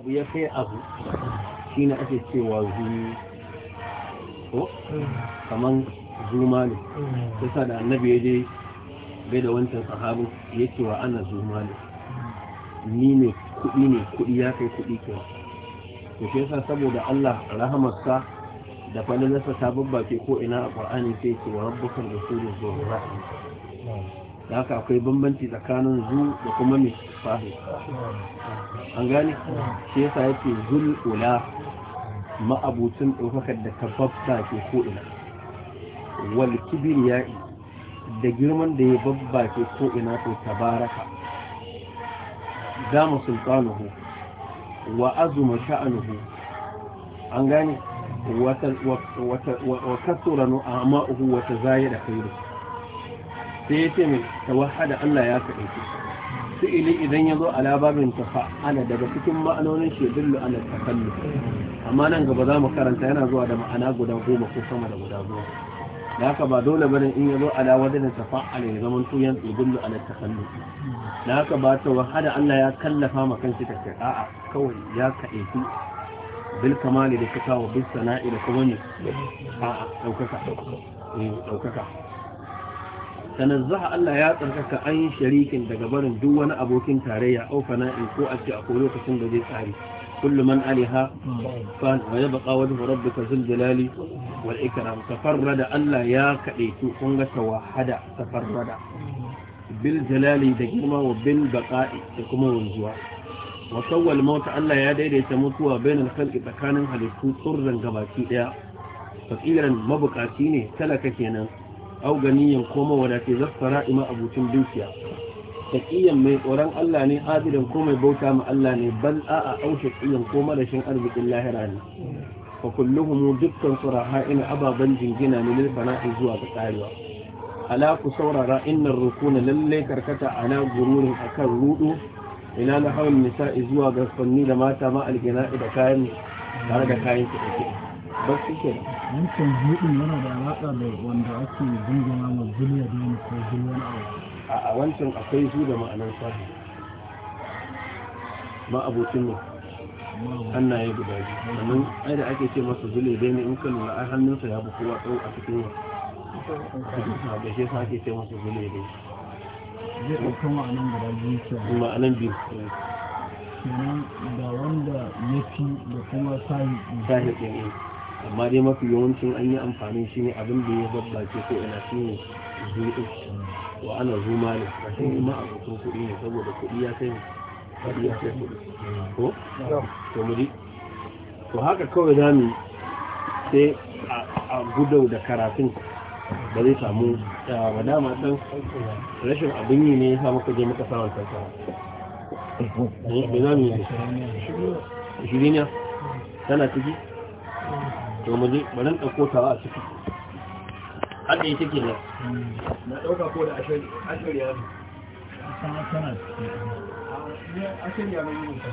abu ya kai abu shi ne ake cewa zuni ko kaman zuma ne sa da annabi ya je gai da wancan sahabin ya cewa wa ana zuma ne ni ne kudi ne kuɗi ya kai kudi ke to shi yasa saboda Allah rahamarsa da falalarsa ta babbace ko ina a Qur'ani sai ce wa rabbukan da zuwa rahim da haka akwai bambanci tsakanin zu da kuma mai fahi an gane shi yasa yake zul ula ma'abucin ɗaukakar da ta ke ko'ina wal kibiriya'i da girman da ya babba ke ko'ina to tabaraka dama sultanuhu wa azuma sha'anuhu an gane wa kasura nu'ama'uhu wa tazayya da kairu sai ya ce mai tawahada Allah ya kaɗe Su ili idan ya zo a labarin tafa'ala daga cikin ma'anonin shi dillu ala takallu amma nan gaba za mu karanta yana zuwa da ma'ana guda goma ko sama da guda goma da haka ba dole bane in ya zo ala wajen tafa'ala ya zama tuyan dillu ala takallu da haka ba tawahada Allah ya kallafa ma kanshi ta a'a kawai ya kaɗe shi bil kamali da kasawa bil sana'i da kuma ne a'a daukaka daukaka eh, tanazzaha Allah ya tsarkaka an sharikin daga barin duk wani abokin tarayya au fana'in ko a ce akwai lokacin da zai tsari kullu man aliha fan wa yabqa wajhu rabbika zul jalali wal ikram tafarrada Allah ya kadaitu kun ga tawahada tafarrada bil jalali da girma wa bil baqa'i da kuma wanzuwa wa sawwal Allah ya daidaita mutuwa bainal khalqi tsakanin halittu tsurran gabaki daya fakiran mabukaci ne talaka kenan au ganiyan ko mawadace ima abucin dukiya taqiyan mai tsoron Allah ne abidan ko mai bauta ma Allah ne bal a aushe shaqiyan ko marashin arzikin lahira ne fa kulluhum dukkan suraha ina ababan jingina ne lil fana'i zuwa ga karewa ala ku saurara innar rukuna lalle karkata ana gururin akan rudu ina na hawan nisa'i zuwa ga fanni da mata ma algina'i da kayan tare da kayan kiɗe ba su ke yankin hudun yana da alaƙa da wanda ake dingana ma biliya da yana ko biliyan awa a wancan akwai su da ma'anar sahi ma abokin ne hannaye guda biyu sannan ai da ake ce masa zule dai ne in ka lura ai hannunsa ya bi kowa tsawo a cikin wa da shi sa ake ce masa zule dai zai ɗauka ma'anan guda biyu ke ma'anan biyu kenan da wanda ya fi da kuma sahi sahi ɗin amma dai mafi yawancin an yi amfani shi ne abin da ya babbace ko ina shi ne zuwa wa ana zuma ne rashin ima a kuɗin kuɗi ne saboda kuɗi ya sai kuɗi ya sai kuɗi ko to mu to haka kawai za mu sai a gudau da karatun ba zai samu ba dama ɗan rashin abin yi ne ya samu kaje muka samun tattara me za mu yi ne shiriniya tana ciki to mu je bari ɗauko ta a ciki haka yi take ne na dauka ko da ashirya ne a a ashirya ne